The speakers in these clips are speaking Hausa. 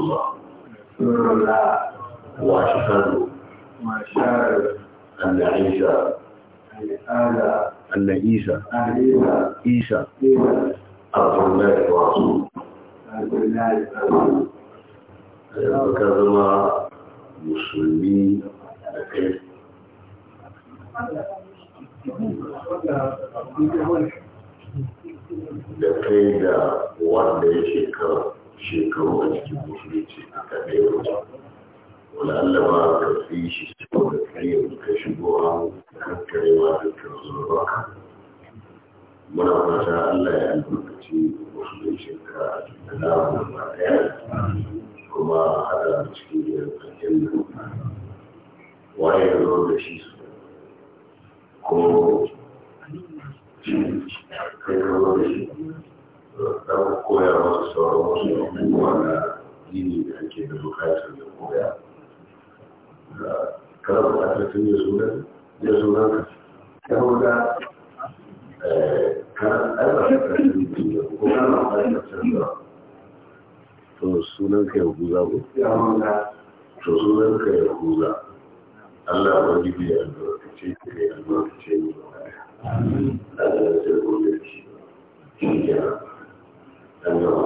القصى سر الله واشهد واشهد ان عيسى ان عيسى عيسى عبد الله ورسوله عبد الله أيوة، ورسوله كذا مسلمين لكن da kai da wanda ya shekara shekaru a cikin musulunci a kaɗai wata wani allama ka fi shi saboda kayan ka shigo a kankarewa da karzuwa muna fata allah ya albarkaci musulunci ka a cikin namun ba ɗaya kuma haɗa cikin yin kakin nan waye ya zo da shi su ko kai ka zo da shi don koya wasu sauran wasu abubuwa na da ake da bukatar da koya kana bukatar tun yi sunan ya sunan ka ya sunan ya ko to sunan ka ya Allah albarkace ka albarkace ba shi الحمد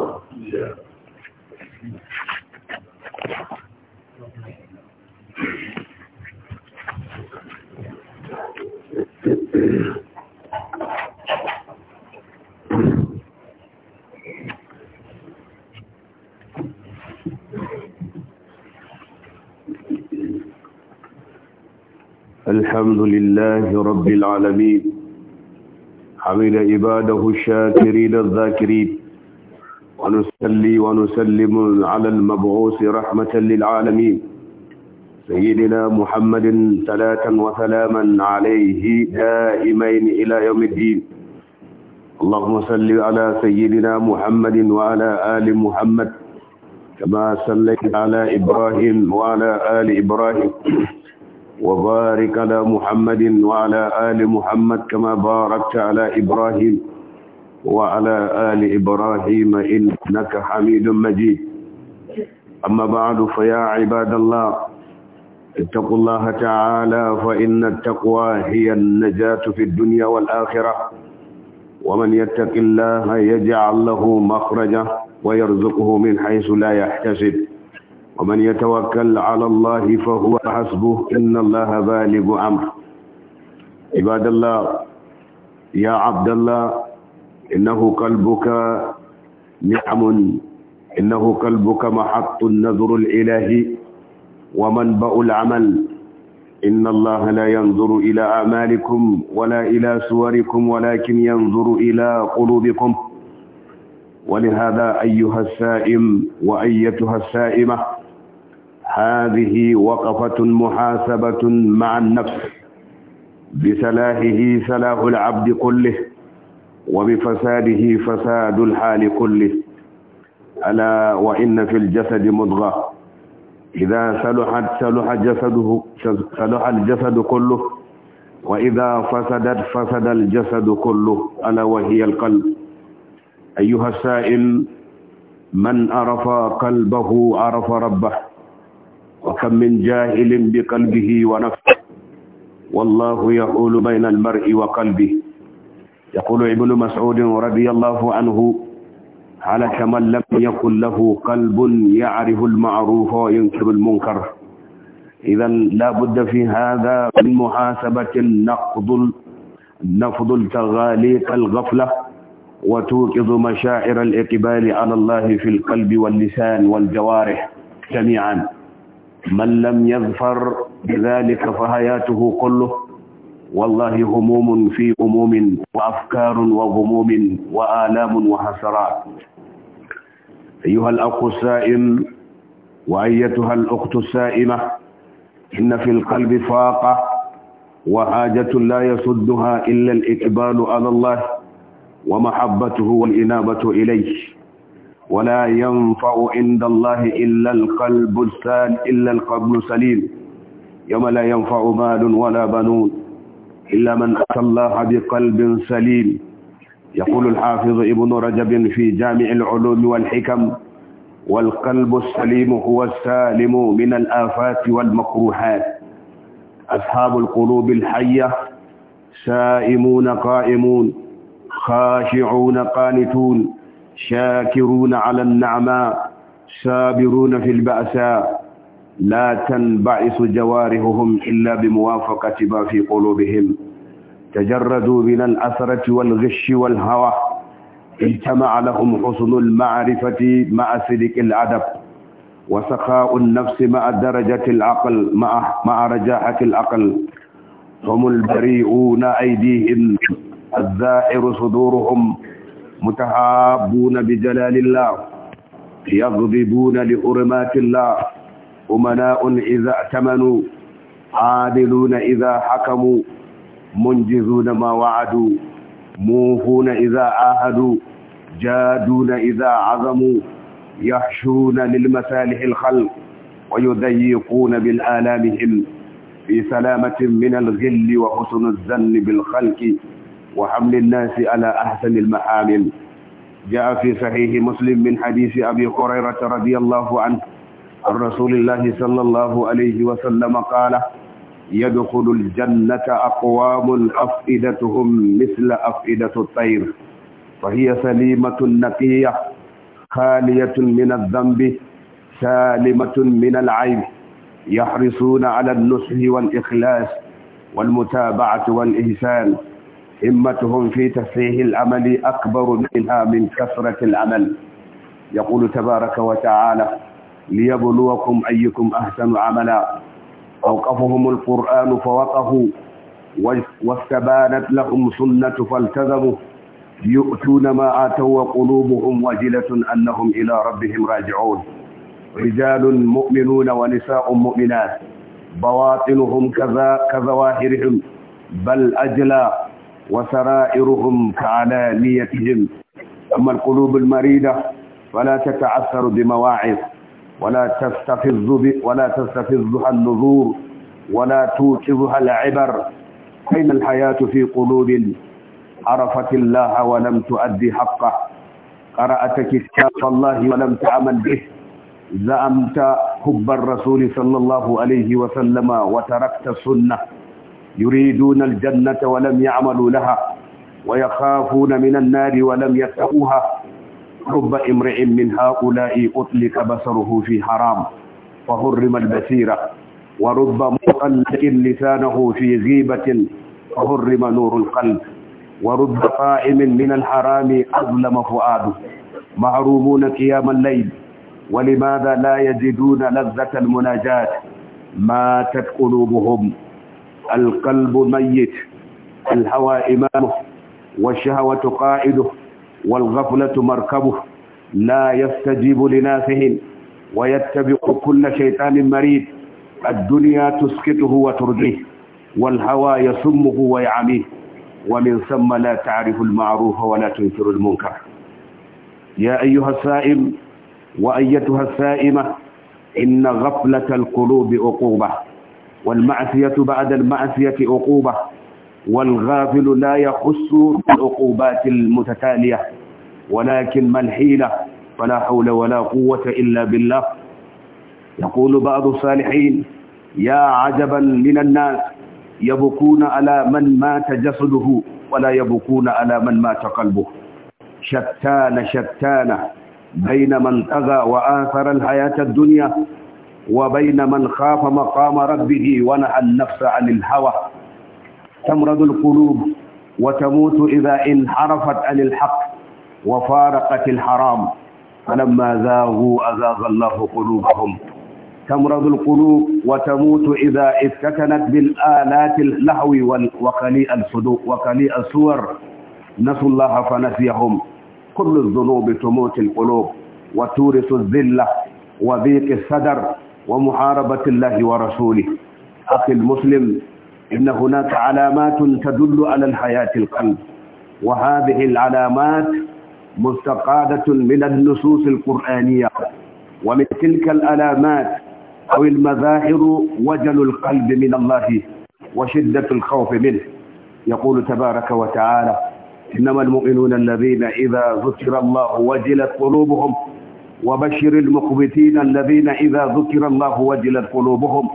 لله رب العالمين حمد عباده الشاكرين الذاكرين ونصلي ونسلم على المبعوث رحمة للعالمين سيدنا محمد صلاة وسلاما عليه دائمين إلى يوم الدين اللهم صل على سيدنا محمد وعلى آل محمد كما صليت على إبراهيم وعلى آل إبراهيم وبارك على محمد وعلى آل محمد كما باركت على إبراهيم وعلى آل إبراهيم إنك حميد مجيد أما بعد فيا عباد الله اتقوا الله تعالى فإن التقوى هي النجاة في الدنيا والآخرة ومن يتق الله يجعل له مخرجا ويرزقه من حيث لا يحتسب ومن يتوكل على الله فهو حسبه إن الله بالغ أمره عباد الله يا عبد الله إنه قلبك نعم إنه قلبك محط النظر الإلهي ومنبأ العمل إن الله لا ينظر إلى أعمالكم ولا إلى صوركم ولكن ينظر إلى قلوبكم ولهذا أيها السائم وأيتها السائمة هذه وقفة محاسبة مع النفس بسلاحه سلاه العبد كله وبفساده فساد الحال كله ألا وإن في الجسد مضغة إذا سلحت سلح جسده سلح الجسد كله وإذا فسدت فسد الجسد كله ألا وهي القلب أيها السائل من عرف قلبه عرف ربه وكم من جاهل بقلبه ونفسه والله يحول بين المرء وقلبه يقول ابن مسعود رضي الله عنه هلك من لم يكن له قلب يعرف المعروف وينكر المنكر إذا لا بد في هذا من محاسبة نقض نفض التغاليق الغفلة وتوقظ مشاعر الإقبال على الله في القلب واللسان والجوارح جميعا من لم يظفر بذلك فحياته كله والله هموم في أموم وأفكار وغموم وآلام وحسرات أيها الأخ السائم وأيتها الأخت السائمة إن في القلب فاقة وحاجة لا يسدها إلا الإقبال على الله ومحبته والإنابة إليه ولا ينفع عند الله إلا القلب السال إلا القلب السليم يوم لا ينفع مال ولا بنون إلا من أتى الله بقلب سليم يقول الحافظ ابن رجب في جامع العلوم والحكم والقلب السليم هو السالم من الآفات والمكروهات أصحاب القلوب الحية سائمون قائمون خاشعون قانتون شاكرون على النعماء سابرون في البأساء لا تنبعث جوارههم إلا بموافقة ما في قلوبهم تجردوا من الأثرة والغش والهوى اجتمع لهم حسن المعرفة مع سلك الأدب وسخاء النفس مع درجة العقل مع, مع رجاحة العقل هم البريئون أيديهم الزائر صدورهم متحابون بجلال الله يغضبون لحرمات الله أمناء إذا أتمنوا عادلون إذا حكموا منجزون ما وعدوا موفون إذا آهدوا جادون إذا عظموا يحشون للمسالح الخلق ويضيقون بالآلامهم في سلامة من الغل وحسن الزن بالخلق وحمل الناس على أحسن المحامل جاء في صحيح مسلم من حديث أبي هريرة رضي الله عنه عن رسول الله صلى الله عليه وسلم قال يدخل الجنة أقوام أفئدتهم مثل أفئدة الطير فهي سليمة نقية خالية من الذنب سالمة من العيب يحرصون على النصح والإخلاص والمتابعة والإحسان همتهم في تفريح العمل أكبر منها من كثرة العمل يقول تبارك وتعالى ليبلوكم أيكم أحسن عملا أوقفهم القرآن فوقفوا واستبانت لهم سنة فالتزموا يؤتون ما آتوا وقلوبهم وجلة أنهم إلى ربهم راجعون رجال مؤمنون ونساء مؤمنات بواطنهم كذا كظواهرهم بل أجلى وسرائرهم كعلانيتهم أما القلوب المريدة فلا تتعثر بمواعظ ولا تستفز ولا تستفزها النذور ولا توقظها العبر أين الحياة في قلوب عرفت الله ولم تؤدي حقه قرأت كتاب الله ولم تعمل به زعمت حب الرسول صلى الله عليه وسلم وتركت السنة يريدون الجنة ولم يعملوا لها ويخافون من النار ولم يتقوها رب امرئ من هؤلاء أطلق بصره في حرام فهرم البصيرة ورب مطلق لسانه في غيبة فهرم نور القلب ورب قائم من الحرام أظلم فؤاده معرومون قيام الليل ولماذا لا يجدون لذة المناجاة ماتت قلوبهم القلب ميت الهوى إمامه والشهوة قائده والغفلة مركبه لا يستجيب لنافه ويتبع كل شيطان مريد الدنيا تسكته وترضيه والهوى يسمه ويعميه ومن ثم لا تعرف المعروف ولا تنكر المنكر يا أيها السائم وأيتها السائمة إن غفلة القلوب عقوبة والمعصية بعد المعصية عقوبة والغافل لا يخص بالعقوبات المتتالية ولكن ما الحيلة فلا حول ولا قوة إلا بالله يقول بعض الصالحين يا عجبا من الناس يبكون على من مات جسده ولا يبكون على من مات قلبه شتان شتان بين من طغى وآثر الحياة الدنيا وبين من خاف مقام ربه ونهى النفس عن الهوى تمرض القلوب وتموت إذا انحرفت عن الحق وفارقت الحرام فلما زاغوا أزاغ الله قلوبهم تمرض القلوب وتموت إذا استكنت بالآلات اللهو وقليء الصدوق وقليء الصور نسوا الله فنسيهم كل الذنوب تموت القلوب وتورث الذلة وضيق الصدر ومحاربة الله ورسوله أخي المسلم إن هناك علامات تدل على الحياة القلب وهذه العلامات مستقادة من النصوص القرآنية ومن تلك الألامات أو المظاهر وجل القلب من الله وشدة الخوف منه يقول تبارك وتعالى إنما المؤمنون الذين إذا ذكر الله وجلت قلوبهم وبشر المخبتين الذين إذا ذكر الله وجلت قلوبهم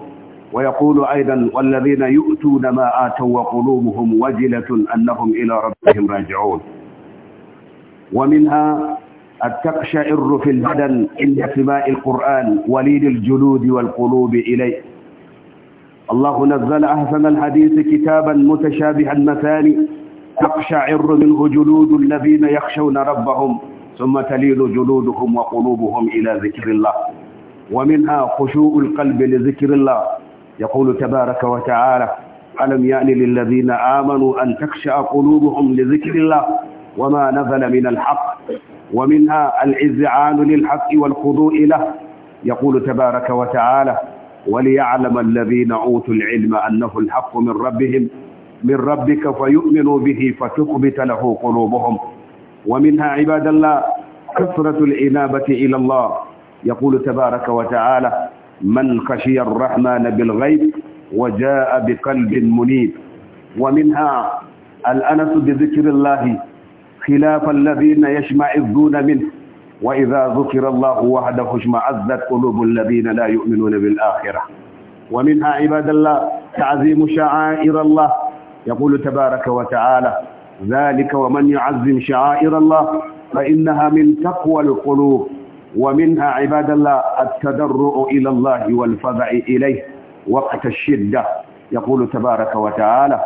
ويقول أيضا والذين يؤتون ما آتوا وقلوبهم وجلة أنهم إلى ربهم راجعون ومنها التقشعر في البدن عند سماء القرآن وليد الجلود والقلوب إليه الله نزل أحسن الحديث كتابا متشابها مثاني تقشعر منه جلود الذين يخشون ربهم ثم تليل جلودهم وقلوبهم إلى ذكر الله ومنها خشوع القلب لذكر الله يقول تبارك وتعالى ألم يأن للذين آمنوا أن تخشع قلوبهم لذكر الله وما نزل من الحق ومنها الإذعان للحق والخضوع له يقول تبارك وتعالى وليعلم الذين أوتوا العلم أنه الحق من ربهم من ربك فيؤمنوا به فتقبت له قلوبهم ومنها عباد الله كثرة الإنابة إلى الله يقول تبارك وتعالى من خشي الرحمن بالغيب وجاء بقلب منيب ومنها الأنس بذكر الله خلاف الذين يشمئزون منه وإذا ذكر الله وحده اشمأزت قلوب الذين لا يؤمنون بالآخرة ومنها عباد الله تعظيم شعائر الله يقول تبارك وتعالى ذلك ومن يعظم شعائر الله فإنها من تقوى القلوب ومنها عباد الله التضرع إلى الله والفزع إليه وقت الشدة يقول تبارك وتعالى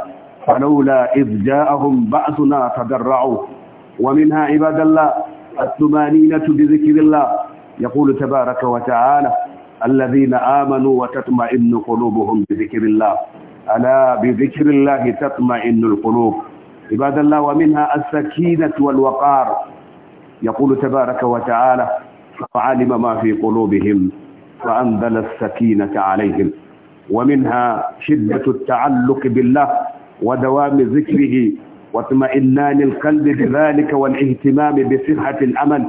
فلولا إذ جاءهم بأسنا تضرعوا ومنها عباد الله الثمانينة بذكر الله يقول تبارك وتعالى الذين آمنوا وتطمئن قلوبهم بذكر الله ألا بذكر الله تطمئن القلوب عباد الله ومنها السكينة والوقار يقول تبارك وتعالى فعلم ما في قلوبهم فأنزل السكينة عليهم ومنها شدة التعلق بالله ودوام ذكره واطمئنان القلب بذلك والاهتمام بصحة الأمل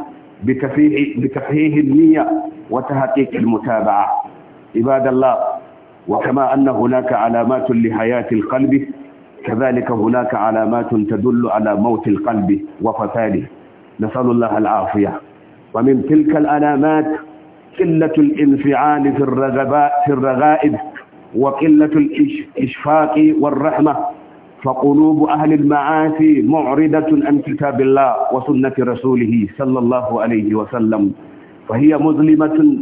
بتفهيه النية وتحقيق المتابعة عباد الله وكما أن هناك علامات لحياة القلب كذلك هناك علامات تدل على موت القلب وفساده نسأل الله العافية ومن تلك العلامات قلة الانفعال في الرغباء في الرغائب وقلة الإشفاق والرحمة فقلوب أهل المعاصي معرضة عن كتاب الله وسنة رسوله صلى الله عليه وسلم فهي مظلمة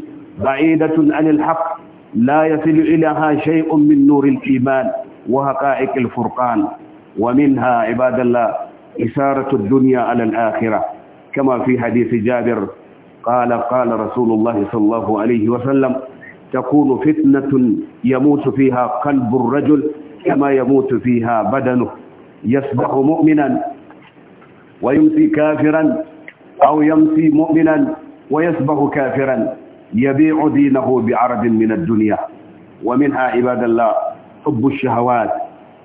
بعيدة عن الحق لا يصل إليها شيء من نور الإيمان وحقائق الفرقان ومنها عباد الله إثارة الدنيا على الآخرة كما في حديث جابر قال قال رسول الله صلى الله عليه وسلم تكون فتنة يموت فيها قلب الرجل كما يموت فيها بدنه يصبح مؤمنا ويمسي كافرا أو يمسي مؤمنا ويصبح كافرا يبيع دينه بعرض من الدنيا ومنها عباد الله حب الشهوات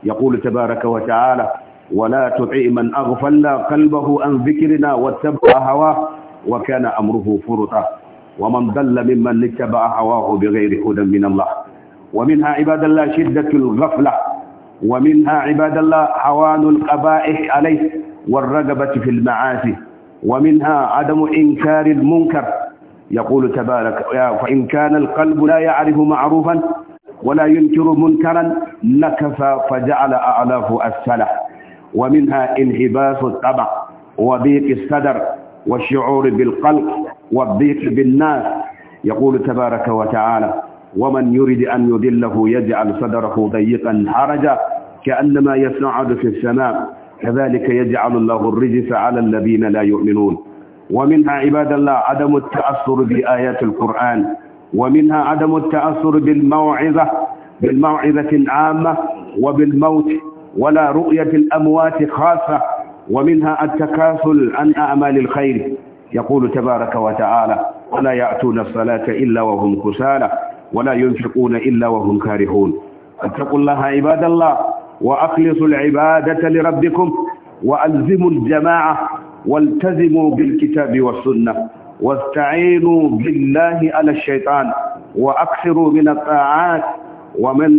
يقول تبارك وتعالى ولا تطع من أغفلنا قلبه عن ذكرنا واتبع هواه وكان أمره فرطا ومن ضل ممن اتبع هواه بغير هدى من الله ومنها عباد الله شدة الغفلة ومنها عباد الله حوان القبائح عليه والرغبة في المعاصي ومنها عدم إنكار المنكر يقول تبارك فإن كان القلب لا يعرف معروفا ولا ينكر منكرا نكف فجعل أعلاف السلف ومنها انهباس الطبع وضيق الصدر والشعور بالقلق والضيق بالناس يقول تبارك وتعالى ومن يرد أن يضله يجعل صدره ضيقا حرجا كأنما يصعد في السماء كذلك يجعل الله الرجس على الذين لا يؤمنون ومنها عباد الله عدم التأثر بآيات القرآن ومنها عدم التأثر بالموعظة بالموعظة العامة وبالموت ولا رؤية الأموات خاصة ومنها التكاسل عن أعمال الخير يقول تبارك وتعالى ولا يأتون الصلاة إلا وهم كسالى ولا ينفقون إلا وهم كارهون اتقوا الله عباد الله وأخلصوا العبادة لربكم وألزموا الجماعة والتزموا بالكتاب والسنة واستعينوا بالله على الشيطان وأكثروا من الطاعات ومن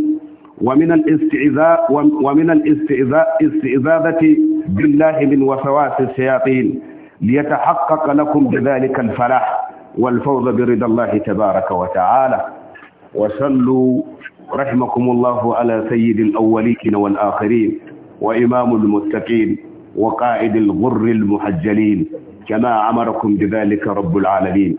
ومن الاستئذاء ومن الاستئذاء استئذابة بالله من وسواس الشياطين ليتحقق لكم بذلك الفلاح والفوز برضا الله تبارك وتعالى وصلوا رحمكم الله على سيد الأولين والآخرين وإمام المتقين وقائد الغر المحجلين كما أمركم بذلك رب العالمين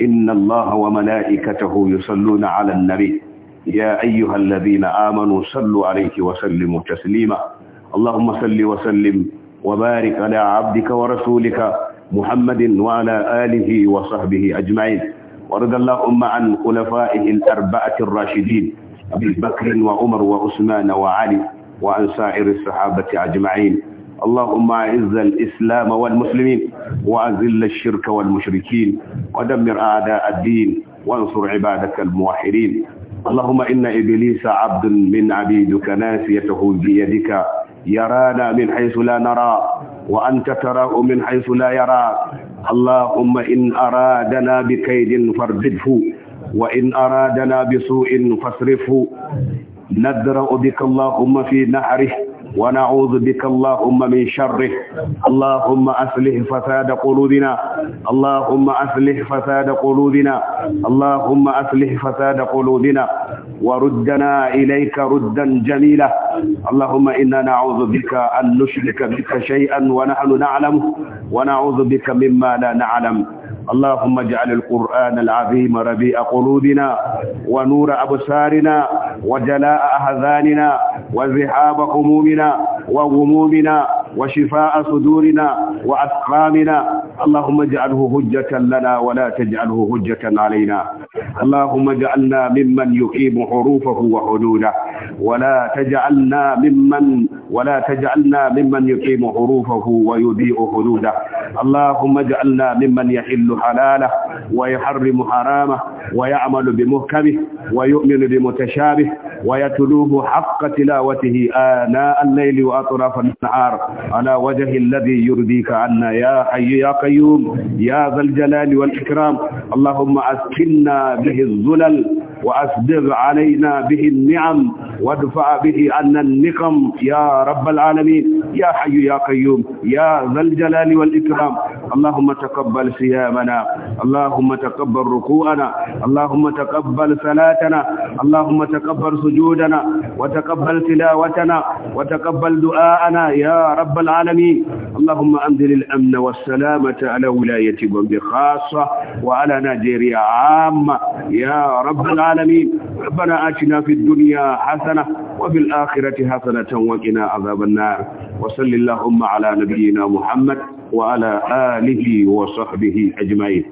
إن الله وملائكته يصلون على النبي يا أيها الذين آمنوا صلوا عليه وسلموا تسليما اللهم صل وسلم وبارك على عبدك ورسولك محمد وعلى آله وصحبه أجمعين ورضى اللهم عن خلفائه الأربعة الراشدين أبي بكر وعمر وعثمان وعلي وعن سائر الصحابة أجمعين اللهم أعز الإسلام والمسلمين وأذل الشرك والمشركين ودمر أعداء الدين وانصر عبادك الموحدين اللهم إن إبليس عبد من عبيدك ناسيته بيدك يرانا من حيث لا نرى وأنت تراه من حيث لا يرى اللهم إن أرادنا بكيد فاربده وإن أرادنا بسوء فاصرفه ندرأ بك اللهم في نحره ونعوذ بك اللهم من شره اللهم أصلح فساد قلوبنا اللهم أصلح فساد قلوبنا اللهم أصلح فساد قلوبنا وردنا إليك ردا جميلا اللهم إنا نعوذ بك أن نشرك بك شيئا ونحن نعلم ونعوذ بك مما لا نعلم اللهم اجعل القرآن العظيم ربيع قلوبنا ونور أبصارنا وجلاء أهذاننا وزحاب همومنا وغمومنا وشفاء صدورنا وأسقامنا اللهم اجعله هجة لنا ولا تجعله هجة علينا اللهم اجعلنا ممن يقيم حروفه وحدوده ولا تجعلنا ممن ولا تجعلنا ممن يقيم حروفه ويضيء حدوده اللهم اجعلنا ممن يحل حلاله ويحرم حرامه ويعمل بمحكمه ويؤمن بمتشابه ويتلوه حق تلاوته آناء الليل وأطراف النهار على وجه الذي يرضيك عنا يا حي يا قيوم يا ذا الجلال والإكرام اللهم أسكننا به الظلل وأسدغ علينا به النعم وادفع به عنا النقم يا رب العالمين يا حي يا قيوم يا ذا الجلال والإكرام اللهم تقبل صيامنا اللهم تقبل ركوعنا اللهم تقبل صلاتنا اللهم تقبل سجودنا وتقبل تلاوتنا وتقبل دعاءنا يا رب العالمين اللهم أنزل الأمن والسلامة رحمة على ولاية قمبي خاصة وعلى نيجيريا عامة يا رب العالمين ربنا آتنا في الدنيا حسنة وفي الآخرة حسنة وقنا عذاب النار وصل اللهم على نبينا محمد وعلى آله وصحبه أجمعين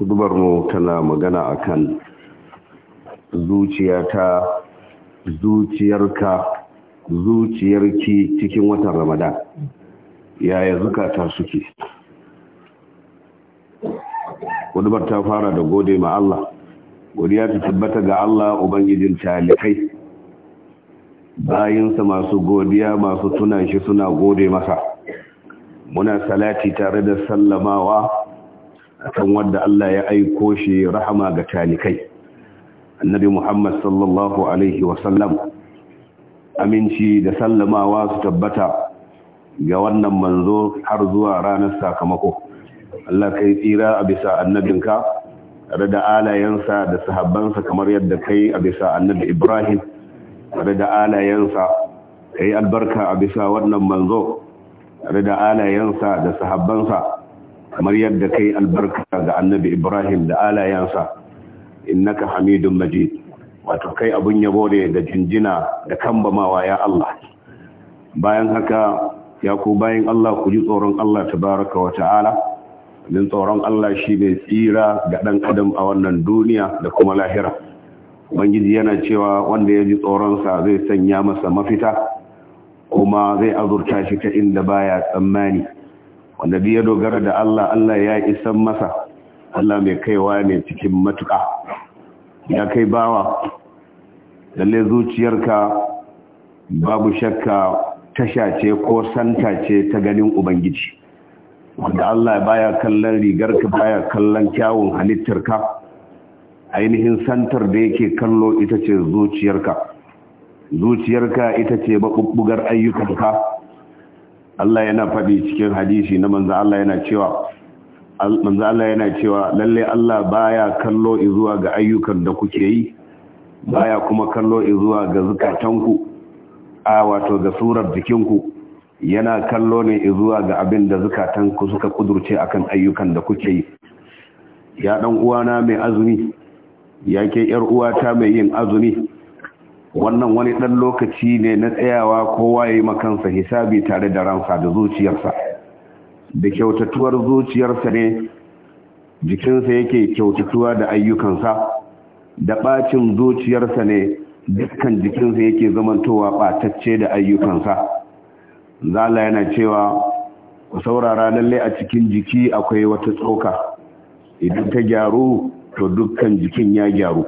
mu tana magana akan zuciyata zuciyarka zuciyarki cikin watan ramadan yaya zukata suke hudubar ta fara da gode ma Allah godiya ta tabbata ga Allah ubangijin talikai bayinsa masu godiya masu tunan shi suna gode masa muna salati tare da sallamawa akan wanda Allah ya aiko shi rahama ga talikai annabi Muhammad sallallahu alaihi wasallam aminci da sallamawa su tabbata ga wannan manzo har zuwa ranar sakamako Allah kai tsira a bisa annabinka tare da da sahabbansa kamar yadda kai a bisa annabi Ibrahim tare da alayensa kai albarka a bisa wannan manzo tare da da sahabbansa kamar yadda kai albarka ga annabi Ibrahim da alayansa innaka hamidun majid wato kai abun yabo ne da jinjina da kambamawa ya Allah bayan haka ya ku bayan Allah ku ji tsoron Allah ta baraka wa ta'ala din tsoron Allah shi ne tsira ga ɗan adam a wannan duniya da kuma lahira ubangiji yana cewa wanda ya ji tsoronsa zai sanya masa mafita kuma zai azurta shi ta inda baya tsammani wanda ya dogara da Allah Allah ya isan masa Allah mai kaiwa ne cikin matuƙa ya kai bawa lalle zuciyarka babu shakka tasha ce ko santa ce ta ganin ubangiji wanda Allah baya kallon rigarka baya kallon kyawun ka ainihin santar da yake kallo ita ce zuciyarka zuciyarka ita ce maɓuɓɓugar ayyukanka Allah yana faɗi cikin hadisi na manzo Allah yana cewa manzo Allah yana cewa lalle Allah baya kallo zuwa ga ayyukan da kuke yi baya kuma kallo zuwa ga ku a wato ga surar jikinku yana kallo ne zuwa ga abin da zukatanku suka kudurce akan ayyukan da kuke yi ya dan uwana mai azumi Ya yake yar uwata mai yin azumi wannan wani ɗan lokaci ne na tsayawa kowa ya yi makansa hisabi tare da ransa da zuciyarsa da kyautatuwar zuciyarsa ne jikinsa yake kyautatuwa da ayyukansa da ɓacin zuciyarsa ne dukkan jikinsa yake zamantowa ɓatacce da ayyukansa zala yana cewa ku saurara lallai a cikin jiki akwai wata tsoka idan ta gyaru to dukkan jikin ya gyaru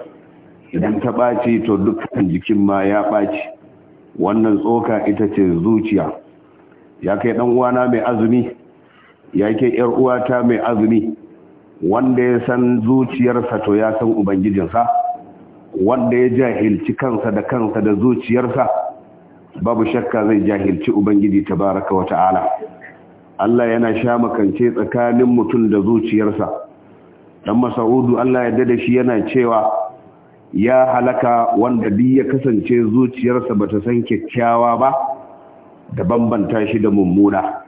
idan ta ɓaci to dukkan jikin ma ya ɓaci wannan tsoka ita ce zuciya ya kai ɗan uwana mai azumi ya kai ‘yar uwata mai azumi wanda ya san zuciyarsa to ya san ubangijinsa wanda ya jahilci kansa da kansa da zuciyarsa babu shakka zai jahilci ubangiji ta baraka wata'ala Allah yana sha makance tsakanin mutum da zuciyarsa dan masaudu Allah ya dada shi yana cewa ya halaka wanda duk ya kasance zuciyarsa ba ta san kyakkyawa ba da bambanta shi da mummuna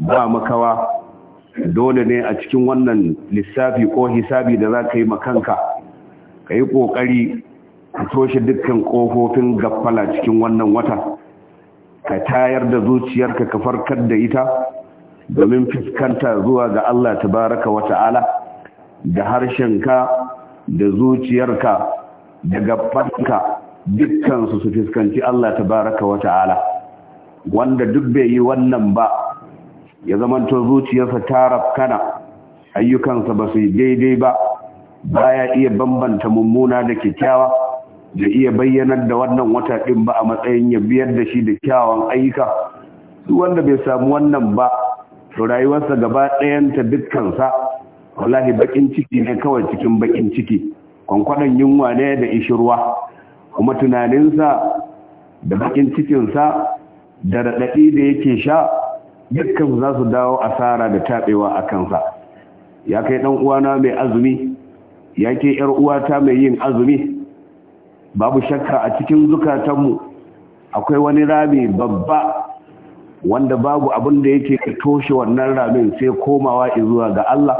ba makawa dole ne a cikin wannan lissafi ko hisabi da za ka yi makanka ka yi ƙoƙari ka toshe dukkan ƙofofin gaffala cikin wannan wata ka tayar da zuciyarka ka farkar da ita domin fuskanta zuwa ga Allah ta baraka wata'ala da harshenka da zuciyarka daga fanka dukkansu su fuskanci Allah tabaraka wa ta'ala wanda duk bai yi wannan ba ya zamanto zuciyarsa ta rafkana ayyukansa ba su yi daidai ba baya iya bambanta mummuna da kyakkyawa da iya bayyanar da wannan wata ɗin ba a matsayin ya biyar da shi da kyawawan ayyuka duk wanda bai samu wannan ba to rayuwarsa gaba ɗayanta dukkansa wallahi bakin ciki ne kawai cikin bakin ciki kwankwaɗon yunwa ne da ishirwa kuma tunaninsa da bakin cikinsa da raɗaɗi da yake sha dukkan za su dawo asara da taɓewa a kansa ya kai ɗan uwana mai azumi ya ke ‘yar uwata mai yin azumi babu shakka a cikin zukatanmu akwai wani rami babba wanda babu abin da yake toshe wannan ramin sai komawa izuwa ga Allah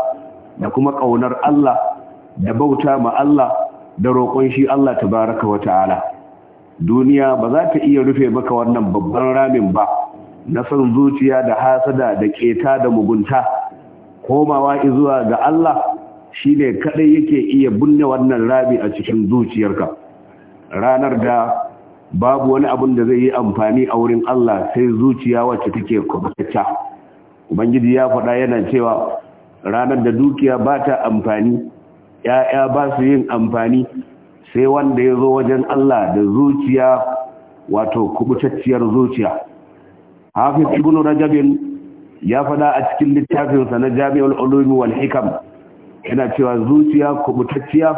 da kuma ƙaunar Allah da bauta ma Allah da roƙon shi Allah baraka wa ta'ala duniya ba za ta iya rufe maka wannan babban ramin ba na san zuciya da hasada da keta da mugunta komawa zuwa ga Allah shine kadai yake iya bunne wannan rami a cikin zuciyarka ranar da babu wani abin da zai yi amfani a wurin Allah sai zuciya wacce take kubutacca ubangiji ya faɗa yana cewa ranar da dukiya ba ta amfani ‘ya'ya ba su yin amfani sai wanda ya zo wajen Allah da zuciya wato kubutacciyar zuciya. Hafiz Ibn Rajabin ya fada a cikin littafinsa na Jami'ul Ulumi wal Hikam yana cewa zuciya kubutacciya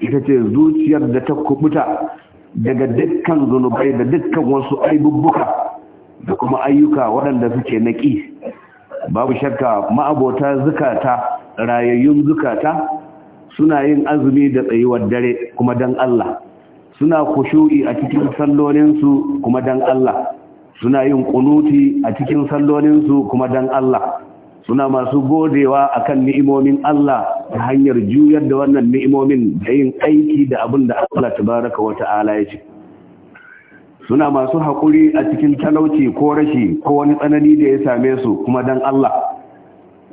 ita ce zuciyar da ta kubuta daga dukkan zunubai da dukkan wasu aibubbuka da kuma ayyuka waɗanda suke naƙi. Babu shakka ma'abota zukata rayayyun zukata suna yin azumi da tsayuwar dare kuma dan Allah suna kushu'i a cikin sallolinsu kuma dan Allah suna yin kunuti a cikin sallolinsu kuma dan Allah suna masu godewa akan ni'imomin Allah ta hanyar juyar da wannan ni'imomin da yin aiki da abin da Allah baraka wa ta'ala ya ce suna masu haƙuri a cikin talauci ko rashi ko wani tsanani da ya same su kuma dan Allah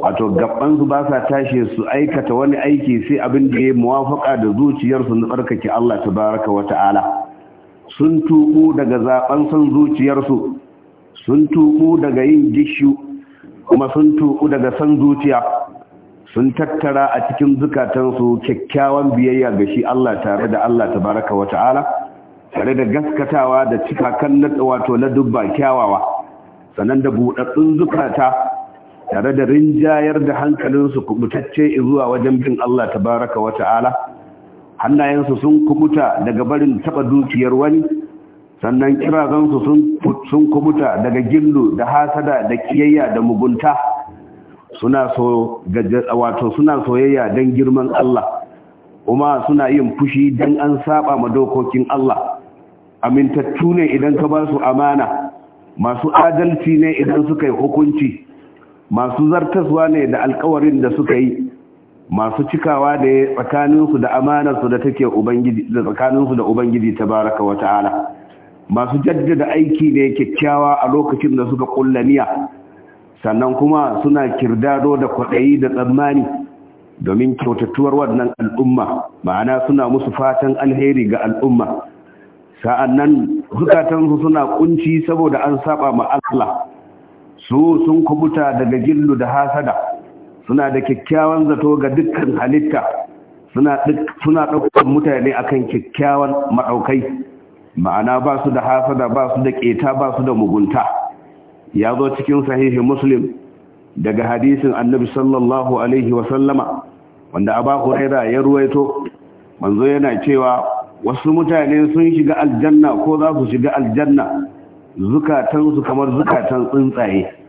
wato gabansu ba sa tashi su aikata wani aiki sai abin da ya muwafaka da zuciyarsu na tsarkake Allah tabaraka wa ta'ala sun tuku daga zaben san zuciyarsu sun tuku daga yin gishu kuma sun tuku daga san zuciya sun tattara a cikin zukatansu kyakkyawan biyayya ga shi Allah tare da Allah tabaraka wa ta'ala tare da gaskatawa da cikakan wato na dubba kyawawa sanan da budaddun zukata tare da rinjayar da hankalinsu kubutacce zuwa wajen bin Allah tabaraka wa ta'ala hannayensu sun kubuta daga barin taba dukiyar wani sannan kirazansu sun kubuta daga gindu da hasada da kiyayya da mugunta suna wato suna soyayya don girman Allah kuma suna yin fushi don an saba ma dokokin Allah amintattu ne idan ka ba su amana masu adalci ne idan suka yi hukunci masu zartaswa ne da alkawarin da suka yi masu cikawa da ya tsakaninsu da amanarsu da take tsakaninsu da ubangiji ta baraka wa ta'ala masu jaddada aiki da kyakkyawa a lokacin da suka kulla niyya, sannan kuma suna kirdado da kwaɗayi da tsammani domin kyautatuwar wannan al'umma ma'ana suna musu fatan alheri ga al'umma sa'annan zukatansu suna kunci saboda an saba ma Allah su sun kubuta daga gillu da hasada suna da kyakkyawan zato ga dukkan halitta suna ɗaukar mutane akan kyakkyawan maɗaukai ma'ana ba su da hasada ba su da ƙeta ba su da mugunta ya zo cikin sahihin muslim daga hadisin annabi sallallahu alaihi wasallama wanda aba huraira ya ruwaito manzo yana cewa wasu mutane sun shiga aljanna ko za su shiga aljanna zukatansu kamar zukatan tsuntsaye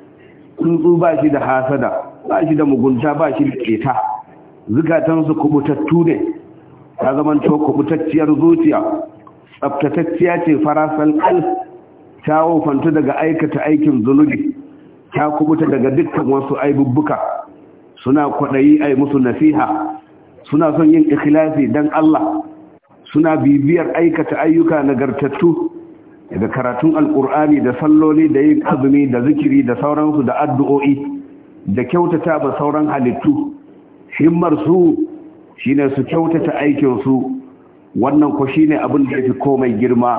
tsuntsu ba shi da hasada ba shi da mugunta ba shi da keta zukatansu kubutattu ne ta zaman to kubutacciyar zuciya tsaftatacciya ce farasal al ta wofantu daga aikata aikin zunubi ta kubuta daga dukkan wasu aibubbuka suna kwaɗayi ai musu nasiha suna son yin ikhlasi dan Allah suna bibiyar aikata ayyuka nagartattu da karatun alkur'ani da salloli da yin azumi da zikiri da sauransu da addu'o'i da kyautata ba sauran halittu himmar su shine su kyautata aikin su wannan ko shine abin da yafi komai girma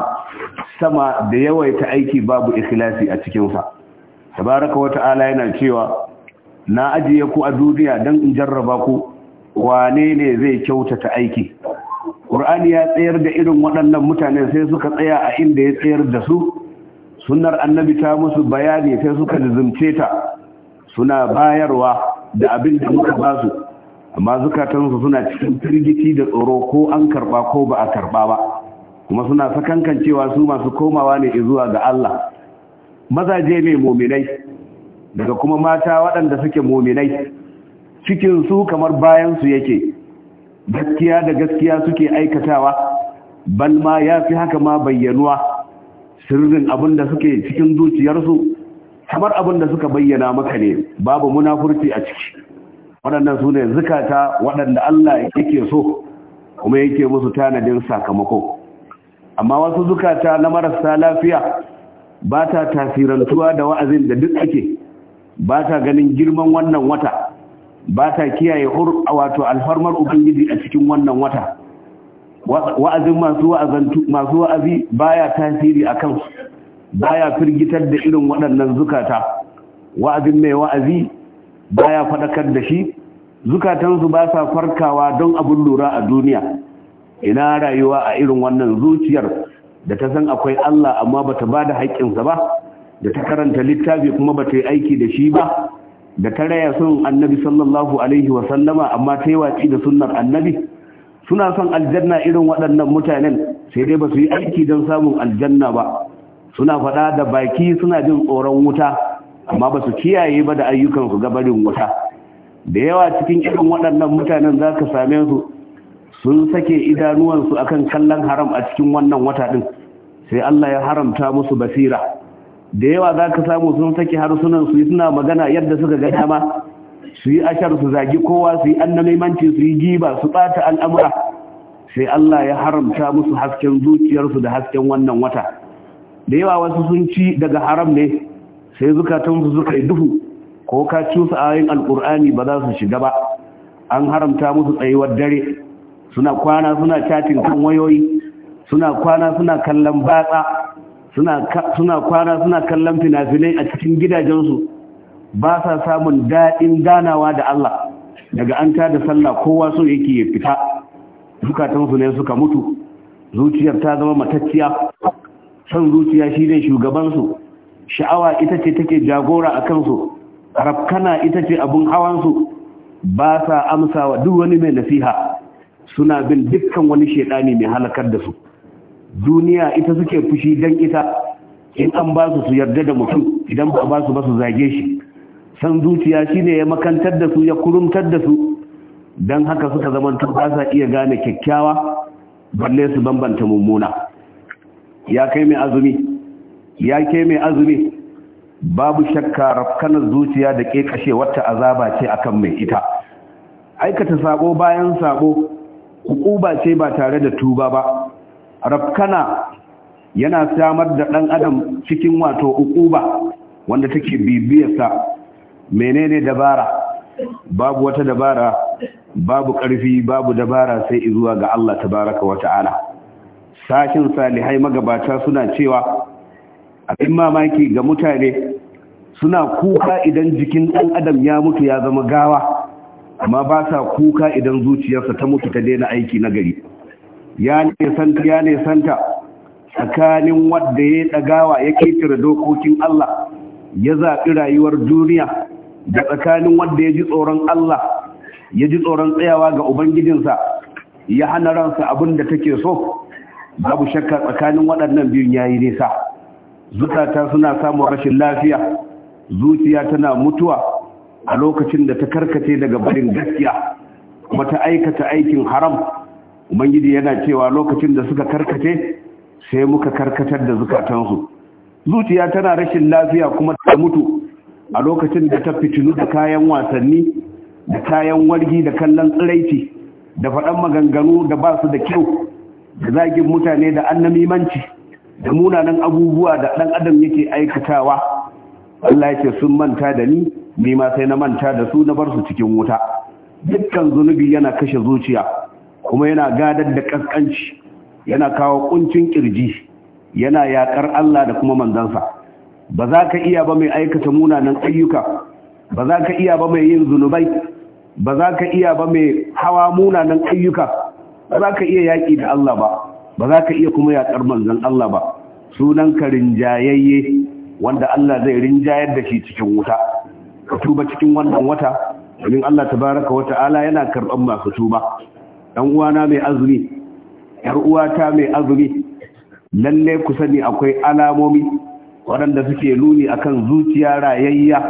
sama da yawaita aiki babu ikhlasi a cikin sa tabaraka wata'ala yana cewa na ajiye ku a duniya dan in jarraba ku wane ne zai kyautata aiki ƙur'ani ya tsayar da irin waɗannan mutane sai suka tsaya a inda ya tsayar da su Sunar annabi ta musu bayani sai suka zumce ta suna bayarwa da abin da muka ba su amma zukatansu suna cikin firgiti da tsoro ko an karɓa ko ba a karɓa ba kuma suna cewa su masu komawa ne zuwa ga Allah mazaje ne muminai daga kuma mata waɗanda suke muminai cikin su kamar bayan su yake gaskiya da gaskiya suke aikatawa bal ma ya fi haka ma bayyanuwa sirrin abin da suke cikin zuciyarsu kamar abin da suka bayyana maka ne babu munafurci a ciki waɗannan su ne zukata waɗanda Allah yake so kuma yake musu tanadin sakamako amma wasu zukata na marasa lafiya ba ta tasirantuwa da wa'azin da duk ake ba ta ganin girman wannan wata ba ta kiyaye wato alfarmar ubangiji a cikin wannan wata wa'azin masu wa'azi baya tasiri a kansu baya firgitar da irin waɗannan zukata wa'azin mai wa'azi baya faɗakar da shi zukatansu ba sa farkawa don abin lura a duniya ina rayuwa a irin wannan zuciyar da ta san akwai Allah amma bata ba da haƙƙinsa ba da ta karanta littafi kuma bata yi aiki da shi ba da ta raya sun annabi sallallahu alaihi sallama amma ta yi watsi da sunnar annabi suna son aljanna irin waɗannan mutanen sai dai ba su yi aiki don samun aljanna ba suna faɗa da baki suna jin tsoron wuta amma ba su kiyaye ba da ayyukan ayyukansu gabarin wuta da yawa cikin irin waɗannan mutanen za ka same su sun sake idanuwansu akan kallon haram a cikin wannan wata ɗin sai Allah ya haramta musu basira da yawa za ka samu sun sake harsunan su suna magana yadda suka ga dama su yi ashar su zagi kowa su yi annalimanci su yi giba su ɓata al'amura sai Allah ya haramta musu hasken zuciyarsu da hasken wannan wata da yawa wasu sun ci daga haram ne sai su suka yi duhu ko ka cusa yin alƙur'ani ba za su shiga ba an haramta musu tsayuwar dare suna kwana suna catin kan wayoyi suna kwana suna kallon batsa suna kwana suna kallon finafinai a cikin gidajensu ba sa samun daɗin ganawa da Allah daga an da sallah kowa so yake ya fita zukatansu ne suka mutu zuciyar ta zama matacciya son zuciya shi ne shugabansu sha'awa ita ce take jagora a kansu rafkana ita ce abin hawansu ba sa amsa wa duk wani mai nasiha suna bin dukkan wani shaidani mai halakar da su duniya ita suke fushi don ita in an ba su su yarda da mutum idan ba ba su ba su zage shi san zuciya shine ya makantar da su ya kurumtar da su don haka suka zama ba sa iya gane kyakkyawa balle su bambanta mummuna ya kai mai azumi ya kai mai azumi babu shakka rafkanar zuciya da ke kashe wata azaba ce akan mai ita aikata sabo bayan sabo hukuba ce ba tare da tuba ba rafkana yana samar da ɗan adam cikin wato ukuba wanda take bibiyarsa menene dabara babu wata dabara babu ƙarfi babu dabara sai zuwa ga Allah tabaraka wa ta'ala sashin salihai magabata suna cewa abin mamaki ga mutane suna kuka idan jikin ɗan adam ya mutu ya zama gawa amma ba sa kuka idan zuciyarsa ta mutu ta daina aiki na gari ya ne santa tsakanin wadda ya ɗagawa ya ƙetare dokokin Allah ya zaɓi rayuwar duniya da tsakanin wadda ya ji tsoron Allah ya ji tsoron tsayawa ga Ubangijinsa ya hana ransa abin da take so babu shakka tsakanin waɗannan biyun ya yi nesa zukata suna samun rashin lafiya zuciya tana mutuwa a lokacin da ta karkace daga barin gaskiya kuma ta aikata aikin haram ubangiji yana cewa lokacin da suka karkace sai muka karkatar da zukatansu zuciya tana rashin lafiya kuma ta mutu a lokacin da ta fitilu da kayan wasanni da kayan wargi da kallon tsiraici da faɗan maganganu da ba su da kyau da zagin mutane da annamimanci da munanan abubuwa da ɗan adam yake aikatawa Allah ya ce sun manta da ni ni sai na manta da su na bar su cikin wuta dukkan zunubi yana kashe zuciya kuma yana gadar da kaskanci yana kawo ƙuncin ƙirji, yana yakar Allah da kuma manzansa ba za ka iya ba mai aikata munanan ayyuka ba za ka iya ba mai yin zunubai ba za ka iya ba mai hawa munanan ayyuka ba za ka iya yaƙi da Allah ba ba za ka iya kuma yaƙar manzan Allah ba sunan ka rinjayayye wanda Allah zai rinjayar da shi cikin wuta ka tuba cikin wannan wata domin Allah tabaraka wata'ala yana karɓar masu tuba ɗan uwana mai azumi ‘yar uwata mai azumi lalle ku sani akwai alamomi waɗanda suke nuni akan zuciya rayayya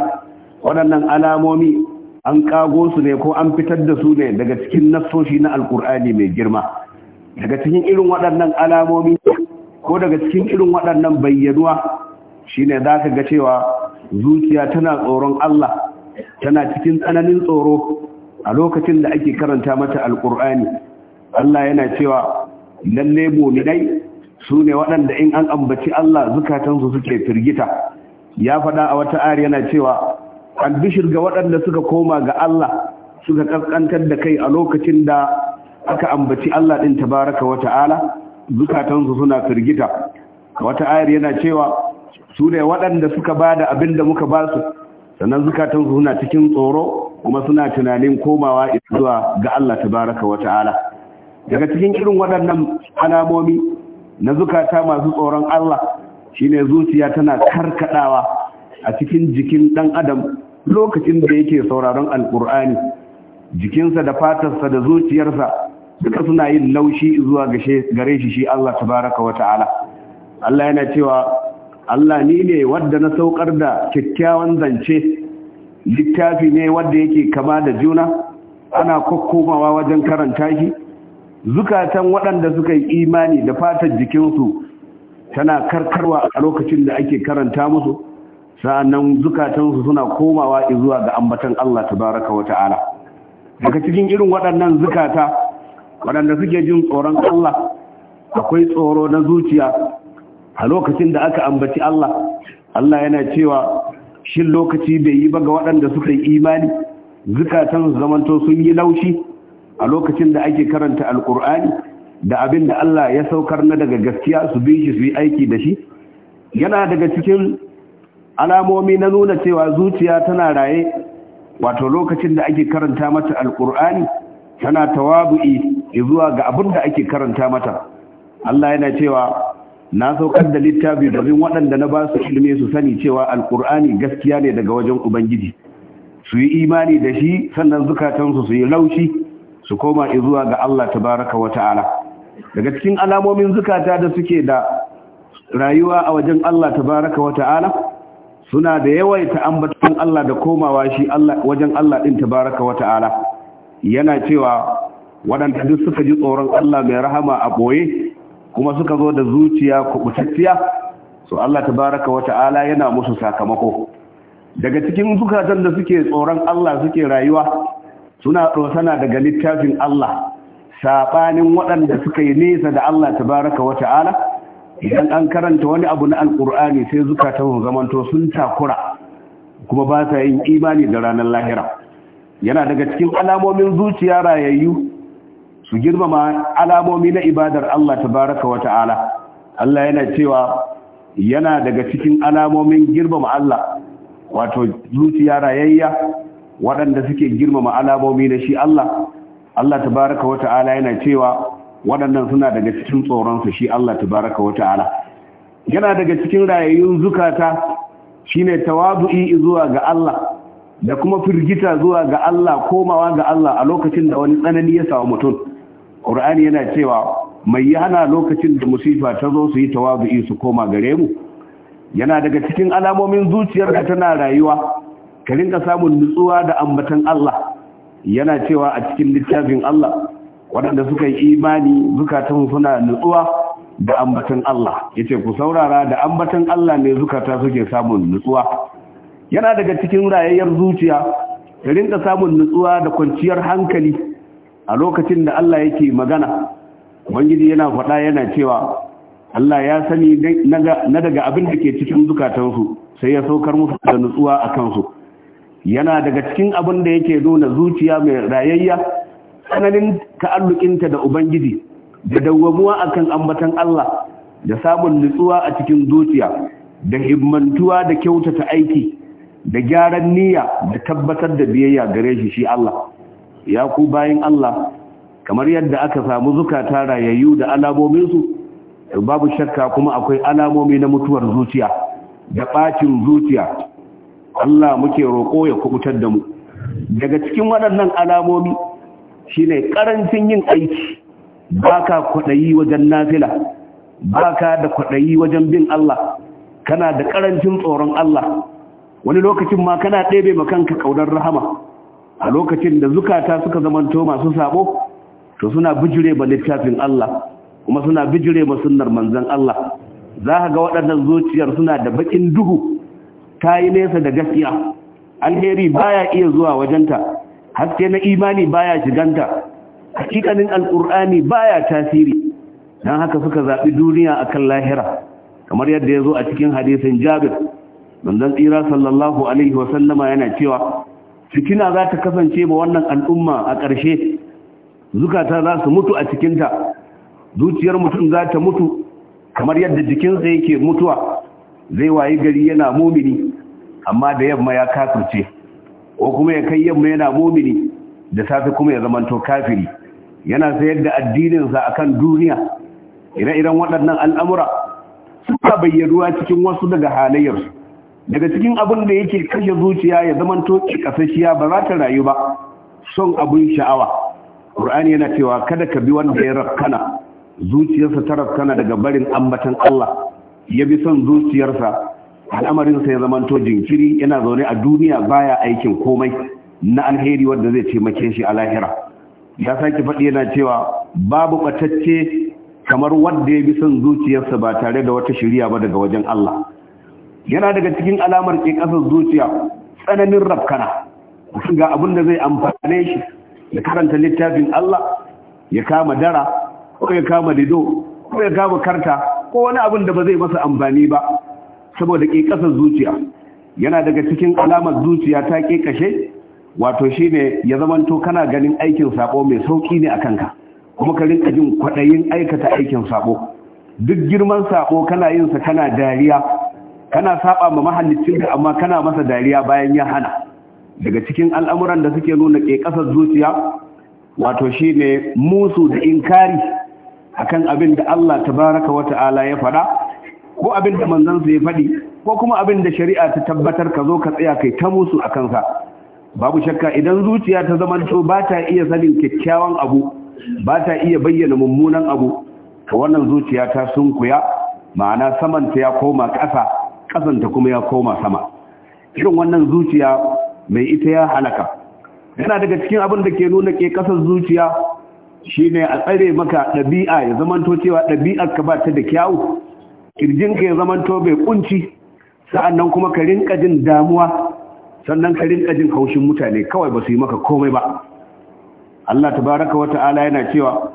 waɗannan alamomi an ƙago su ne ko an fitar da su ne daga cikin nassoshi na Alƙur'ani mai girma daga cikin irin waɗannan alamomi ko daga cikin irin waɗannan bayyanuwa shi ne za ka ga cewa zuciya tana tsoron Allah tana cikin tsananin tsoro a lokacin da ake karanta mata alƙur'ani Allah yana cewa lalle muminai su ne waɗanda in an ambaci Allah zukatansu suke firgita ya faɗa a wata ari yana cewa albishir ga waɗanda suka koma ga Allah suka ƙasƙantar da kai a lokacin da aka ambaci Allah ɗin tabaraka wa ta'ala zukatansu suna firgita wata ayar yana cewa su ne waɗanda suka ba da abin da muka ba su sannan zukatansu suna cikin tsoro kuma suna tunanin komawa zuwa ga Allah tabaraka wa ta'ala daga cikin irin waɗannan alamomi na zukata masu tsoron Allah shine zuciya tana karkaɗawa a cikin jikin ɗan adam lokacin da yake sauraron alkur'ani jikinsa da fatarsa da zuciyarsa duka suna yin laushi zuwa gare shi shi Allah tabaraka wa ta'ala Allah yana cewa Allah ni ne wadda na saukar da kyakkyawan zance littafi ne wanda yake kama da juna ana kokkomawa wajen karanta shi zukatan waɗanda suka yi imani da fatan jikinsu tana karkarwa a lokacin da ake karanta musu sa'annan zukatansu suna komawa zuwa ga ambatan Allah tabaraka wa ta'ala daga cikin irin waɗannan zukata waɗanda suke jin tsoron Allah akwai tsoro na zuciya a lokacin da aka ambaci Allah Allah yana cewa Shin lokaci bai yi ba ga waɗanda suka yi imani zukatan zamanto sun yi laushi a lokacin da ake karanta alkur'ani da abin da Allah ya saukar na daga gaskiya su bi shi su yi aiki da shi yana daga cikin alamomi na nuna cewa zuciya tana raye wato lokacin da ake karanta mata alkur'ani tana tawabu'i zuwa ga abin da ake karanta mata Allah yana cewa na saukar da littafi domin waɗanda na ba su ilimi su sani cewa alkur'ani gaskiya ne daga wajen ubangiji su yi imani da shi sannan zukatansu su yi laushi su koma zuwa ga Allah tabaraka wa ta'ala daga cikin alamomin zukata da suke da rayuwa a wajen Allah tabaraka wa ta'ala suna da yawaita ambaton Allah da komawa shi wajen Allah ɗin tabaraka wa ta'ala yana cewa waɗanda duk suka ji tsoron Allah mai rahama a ɓoye kuma suka zo da zuciya kubutacciya so Allah tabaraka wa ta'ala yana musu sakamako daga cikin zukatan da suke tsoron Allah suke rayuwa suna tsosana daga littafin Allah saɓanin waɗanda suka yi nesa da Allah tabaraka wa ta'ala idan an karanta wani abu na alƙur'ani sai zukatan zamanto sun takura kuma ba sa yin imani da ranar lahira yana daga cikin alamomin zuciya rayayyu su girmama alamomi na ibadar Allah tabaraka wa ta'ala Allah yana cewa yana daga cikin alamomin girmama Allah wato zuciya rayayya waɗanda suke girmama alamomi na shi Allah Allah tabaraka wa ta'ala yana cewa waɗannan suna daga cikin tsoronsu shi Allah tabaraka wa ta'ala yana daga cikin rayayyun zukata shine tawadu'i zuwa ga Allah da kuma firgita zuwa ga Allah komawa ga Allah a lokacin da wani tsanani ya samu mutum Qur'ani yana cewa mai hana lokacin da musifa ta zo su yi tawazu'i su koma gare mu yana daga cikin alamomin zuciyar da tana rayuwa ka rinka samun nutsuwa da ambatan Allah yana cewa a cikin littafin Allah waɗanda suka yi imani zukatan suna nutsuwa da ambatan Allah yace ku saurara da ambatan Allah ne zukata suke samun nutsuwa yana daga cikin rayayyar zuciya ka rinka samun nutsuwa da kwanciyar hankali a lokacin da Allah yake magana ubangiji yana faɗa yana cewa Allah ya sani na daga abin da ke cikin zukatansu sai ya saukar musu da nutsuwa a kansu yana daga cikin abin da yake nuna zuciya mai rayayya tsananin ta'allukinta da ubangiji da dawwamuwa kan ambatan Allah da samun nutsuwa a cikin zuciya da himmantuwa da kyautata aiki da gyaran niyya da tabbatar da biyayya gare shi shi Allah ya ku bayin Allah kamar yadda aka samu zukata rayayyu da alamominsu babu shakka kuma akwai alamomi na mutuwar zuciya da ɓacin zuciya Allah muke roƙo ya kubutar da mu daga cikin waɗannan alamomi shine ƙarancin yin aiki baka kwaɗayi wajen nafila baka da kwaɗayi wajen bin Allah kana da ƙarancin tsoron Allah wani lokacin ma kana ɗebe ma kanka ƙaunar rahama a lokacin da zukata suka zamanto masu sabo to suna bijire ba littafin Allah kuma suna bijire ba sunnar manzon Allah za ka ga waɗannan zuciyar suna da bakin duhu ta yi nesa da gaskiya alheri baya iya zuwa wajenta haske na imani baya shiganta hakikanin alkur'ani baya tasiri dan haka suka zabi duniya akan lahira kamar yadda yazo a cikin hadisin Jabir manzon tsira sallallahu alaihi wasallama yana cewa fitina za ta kasance ba wannan al'umma a ƙarshe zukata za su mutu a cikinta zuciyar mutum za ta mutu kamar yadda jikinsa yake mutuwa zai wayi gari yana mumini amma da yamma ya kafirce ko kuma ya kai yamma yana mumini da safe kuma ya zamanto kafiri yana sayar da addininsa a kan duniya ire-iren waɗannan al'amura suka bayyaduwa cikin wasu daga halayyarsu daga cikin abin da yake kashe zuciya ya zama to kasashiya ba za ta rayu ba son abin sha'awa Qur'ani yana cewa kada ka bi wanda ya kana zuciyarsa ta rafkana daga barin ambatan Allah ya bi son zuciyarsa al'amarin sa ya zama to jinkiri yana zaune a duniya baya aikin komai na alheri wanda zai taimake shi a lahira ya sake faɗi yana cewa babu batacce kamar wanda ya bi son zuciyarsa ba tare da wata shiriya ba daga wajen Allah yana daga cikin alamar ke ƙasar zuciya tsananin rafkana ga abin da zai amfane shi da karanta littafin Allah ya kama dara ko ya kama dido ko ya kama karta ko wani abin da ba zai masa amfani ba saboda ke ƙasar zuciya yana daga cikin alamar zuciya ta ke kashe wato shi ne ya zamanto kana ganin aikin sabo mai sauƙi ne a kanka kuma ka rinka jin kwaɗayin aikata aikin sabo duk girman sabo kana yin sa kana dariya kana saba ma ka amma kana masa dariya bayan ya hana daga cikin al'amuran da suke nuna ke kasar zuciya wato shine musu da inkari akan abin da Allah tabaraka ta'ala ya faɗa ko abin da manzansa ya faɗi ko kuma abin da shari'a ta tabbatar ka zo ka tsaya kai ta musu akan sa babu shakka idan zuciya ta zama to ba ta iya sanin kyakkyawan abu ba ta iya bayyana mummunan abu wannan zuciya ta sunkuya ma'ana saman ta ya koma ƙasa kasanta kuma ya koma sama irin wannan zuciya mai ita ya halaka yana daga cikin abin da ke nuna ke kasar zuciya shine a tsare maka ɗabi'a ya zamanto cewa ɗabi'ar ka ba ta da kyawu kirjinka ya zamanto bai kunci sa'annan kuma ka rinka jin damuwa sannan ka rinka jin haushin mutane kawai ba su yi maka komai ba Allah tabaraka wa ta'ala yana cewa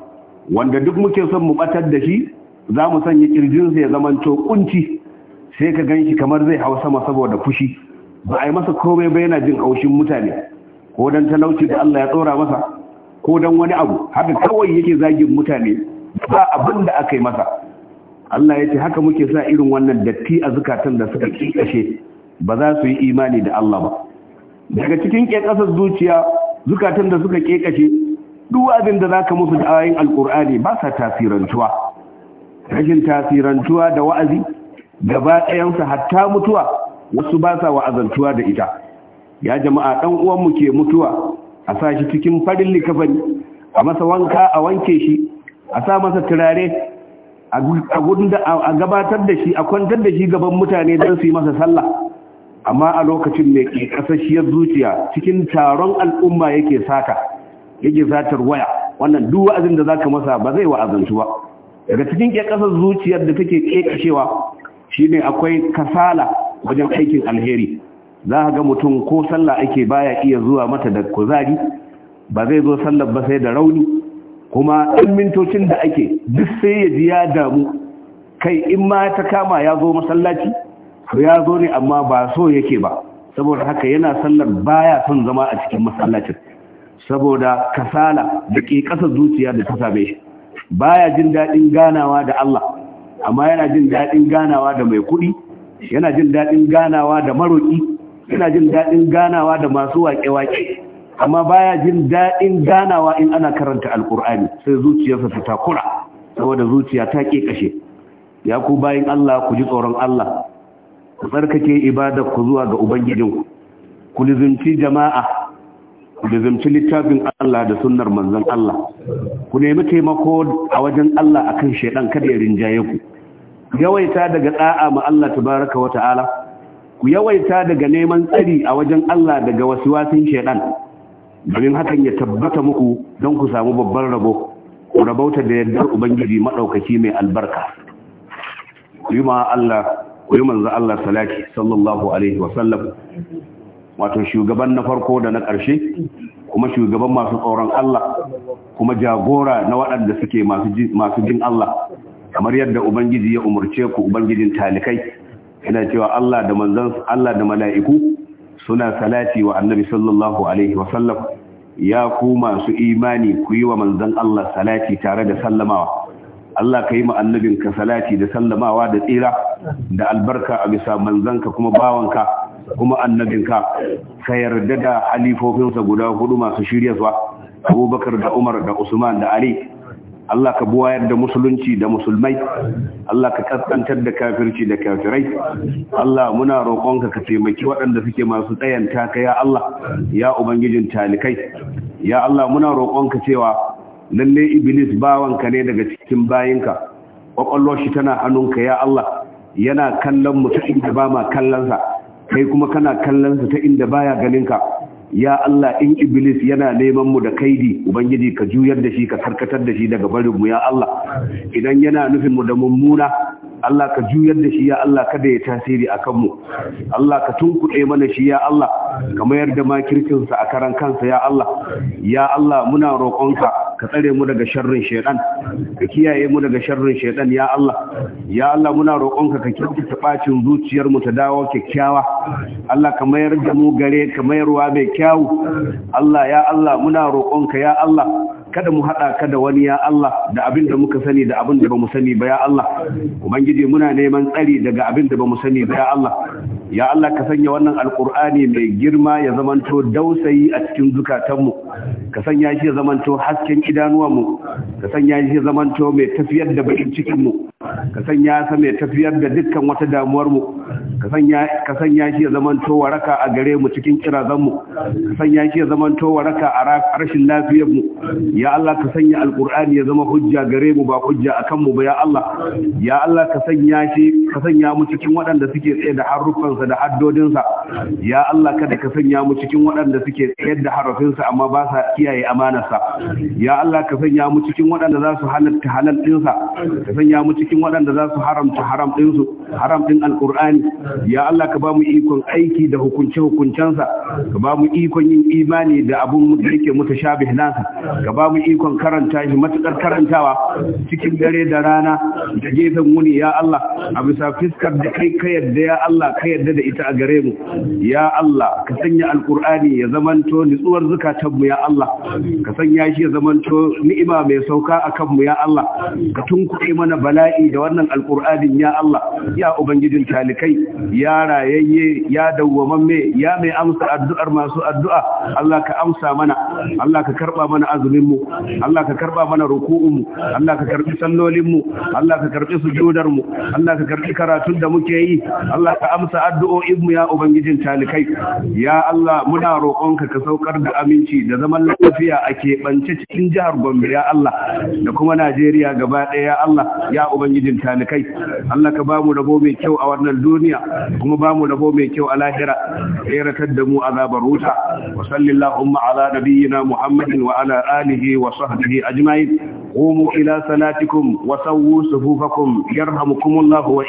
wanda duk muke son mu batar da shi za mu sanya kirjinsa ya zamanto ƙunci. sai ka gan shi kamar zai hau sama saboda fushi ba a yi masa komai ba yana jin haushin mutane ko don talauci da Allah ya tsora masa ko don wani abu haka kawai yake zagin mutane ba abin da aka yi masa Allah ya ce haka muke sa irin wannan datti a zukatan da suka kikashe ba za su yi imani da Allah ba daga cikin kekasar zuciya zukatan da suka kekashe duk abin da zaka musu da ayoyin alkur'ani ba sa tasirantuwa rashin tasirantuwa da wa'azi gaba ɗayansa hatta mutuwa wasu ba sa wa'azantuwa da ita ya jama'a ɗan uwanmu ke mutuwa a sa shi cikin farin likafani a masa wanka a wanke shi a sa masa turare a gabatar da shi a kwantar da shi gaban mutane don su yi masa sallah amma a lokacin mai ke kasashiyar zuciya cikin taron al'umma yake sata yake satar waya wannan duk wa'azin da za ka masa ba zai wa'azantu ba daga cikin ke kasar zuciyar da take kekashewa Shi ne akwai kasala wajen aikin alheri za a ga mutum ko sallah ake baya iya zuwa mata da kuzari ba zai zo sallar ba sai da rauni kuma ɗan mintocin da ake duk sai ya ji ya damu kai in ma ta kama ya zo masallaci to ya zo ne amma ba so yake ba saboda haka yana sallar baya son zama a cikin masallacin saboda kasala da ke ƙasa zuciya da ta same shi baya jin daɗin ganawa da Allah amma yana jin daɗin ganawa da mai kuɗi yana jin daɗin ganawa da maroƙi yana jin daɗin ganawa da masu waƙe-waƙe amma baya jin daɗin ganawa in ana karanta Alkur'ani, sai zuciyarsa ta takura saboda zuciya ta ƙashe. ya ku bayan Allah ku ji tsoron Allah ku tsarkake ibadar ku zuwa ga ubangijinku ku lizinci jama'a zamci littafin Allah da sunnar manzon Allah ku nemi taimako a wajen Allah akan shedan kada ya rinjaye ku yawaita daga da'a ma Allah tabaraka wa ta'ala ku yawaita daga neman tsari a wajen Allah daga wasiwasin shedan domin hakan ya tabbata muku don ku samu babban rabo ku rabauta da yardar ubangiji madaukaki mai albarka ku yi ma Allah ku yi manzo Allah salati sallallahu alaihi wa sallam wato shugaban na farko da na ƙarshe kuma shugaban masu tsoron Allah kuma jagora na waɗanda suke masu jin Allah kamar yadda ubangiji ya umarce ku ubangijin talikai yana cewa Allah da manzan Allah da mala'iku suna salati wa annabi sallallahu alaihi wa ya ku masu imani ku yi wa manzan Allah salati tare da sallamawa Allah ka yi ma annabinka salati da sallamawa da tsira da albarka a bisa manzanka kuma bawanka kuma annabinka ka yarda da halifofinsa guda hudu masu shirya zuwa abubakar da umar da usman da ali Allah ka buwayar da musulunci da musulmai Allah ka kaskantar da kafirci da kafirai Allah muna roƙonka ka taimaki waɗanda suke masu tsayan taka. ya Allah ya ubangijin talikai ya Allah muna roƙonka cewa lalle iblis bawanka ne daga cikin bayinka ƙwaƙwalwar shi tana hannunka ya Allah yana kallon mutum da ba ma kallonsa kai kuma kana kallon sa ta inda baya ganin ka ya Allah in iblis yana neman mu da kaidi ubangiji ka juyar da shi ka karkatar da shi daga barin mu ya Allah idan yana nufin mu da mummuna Allah ka juyar da shi ya Allah kada ya tasiri a kanmu Allah ka tunkuɗe mana shi ya Allah ka mayar da makircinsa a karan kansa ya Allah ya Allah muna roƙonka ka tsare mu daga sharrin shaidan ka kiyaye mu daga sharrin shaidan ya Allah ya Allah muna roƙonka ka ta bacin zuciyar mu ta dawo kyakkyawa Allah ka mayar da mu gare ka mayarwa mai kyawu Allah ya Allah muna roƙonka ya Allah kada mu haɗa ka da wani ya Allah da abin da muka sani da abin da ba mu sani ba ya Allah ubangiji muna neman tsari daga abin da ba mu sani ba ya Allah ya Allah ka sanya wannan alkur'ani mai girma ya zamanto dausayi a cikin zukatanmu ka sanya shi ya zamanto hasken idanuwanmu ka sanya shi ya zamanto mai tafiyar da bakin cikinmu ka sanya sa mai tafiyar da dukkan wata damuwarmu ka sanya ka sanya shi ya zamanto waraka a gare mu cikin kirazanmu ka sanya shi ya zamanto waraka a rashin lafiyarmu ya Allah ka sanya Alkur'ani ya zama hujja gare mu ba hujja akan mu ba ya Allah ya Allah ka sanya shi ka sanya mu cikin waɗanda suke tsaye da harufansa da haddodinsa ya Allah kada ka sanya mu cikin waɗanda suke tsaye da harafinsa amma ba sa kiyaye amanarsa ya Allah ka sanya mu cikin waɗanda za su halatta halal ɗinsa ka sanya mu cikin waɗanda za su haramta haram ɗinsu haram ɗin Alkur'ani. ya Allah ka ba mu ikon aiki da hukunce hukuncensa ka ba mu ikon yin imani da abun da yake mutashabih nasa ka ba ba ikon karanta shi matukar karantawa cikin dare da rana da gefen wuni ya Allah a bisa fiskar da kai ka yadda ya Allah ka yadda da ita a gare mu ya Allah ka sanya alkur'ani ya zamanto nutsuwar zukatan mu ya Allah ka sanya shi ya zamanto ni'ima mai sauka kan mu ya Allah ka tunkuɗe mana bala'i da wannan alkur'anin ya Allah ya ubangijin talikai ya rayayye ya dawwamamme ya mai amsa addu'ar masu addu'a Allah ka amsa mana Allah ka karɓa mana azumin mu Allah ka karba mana ruku'un mu Allah ka karbi sallolin mu Allah ka karbi sujudar mu Allah ka karbi karatun da muke yi Allah ka amsa addu'o'in mu ya ubangijin talikai ya Allah muna roƙonka ka saukar da aminci da zaman lafiya a keɓance cikin jihar Gombe ya Allah da kuma Najeriya gaba ɗaya ya Allah ya ubangijin talikai Allah ka bamu rabo mai kyau a wannan duniya kuma bamu rabo mai kyau a lahira tseratar da mu azabar wuta wa sallallahu ala nabiyyina Muhammadin wa ala alihi Waɗake wasu a cikin aji mai wumu ila sanatikum wa san wu su hufakum. Yeramu kumunanku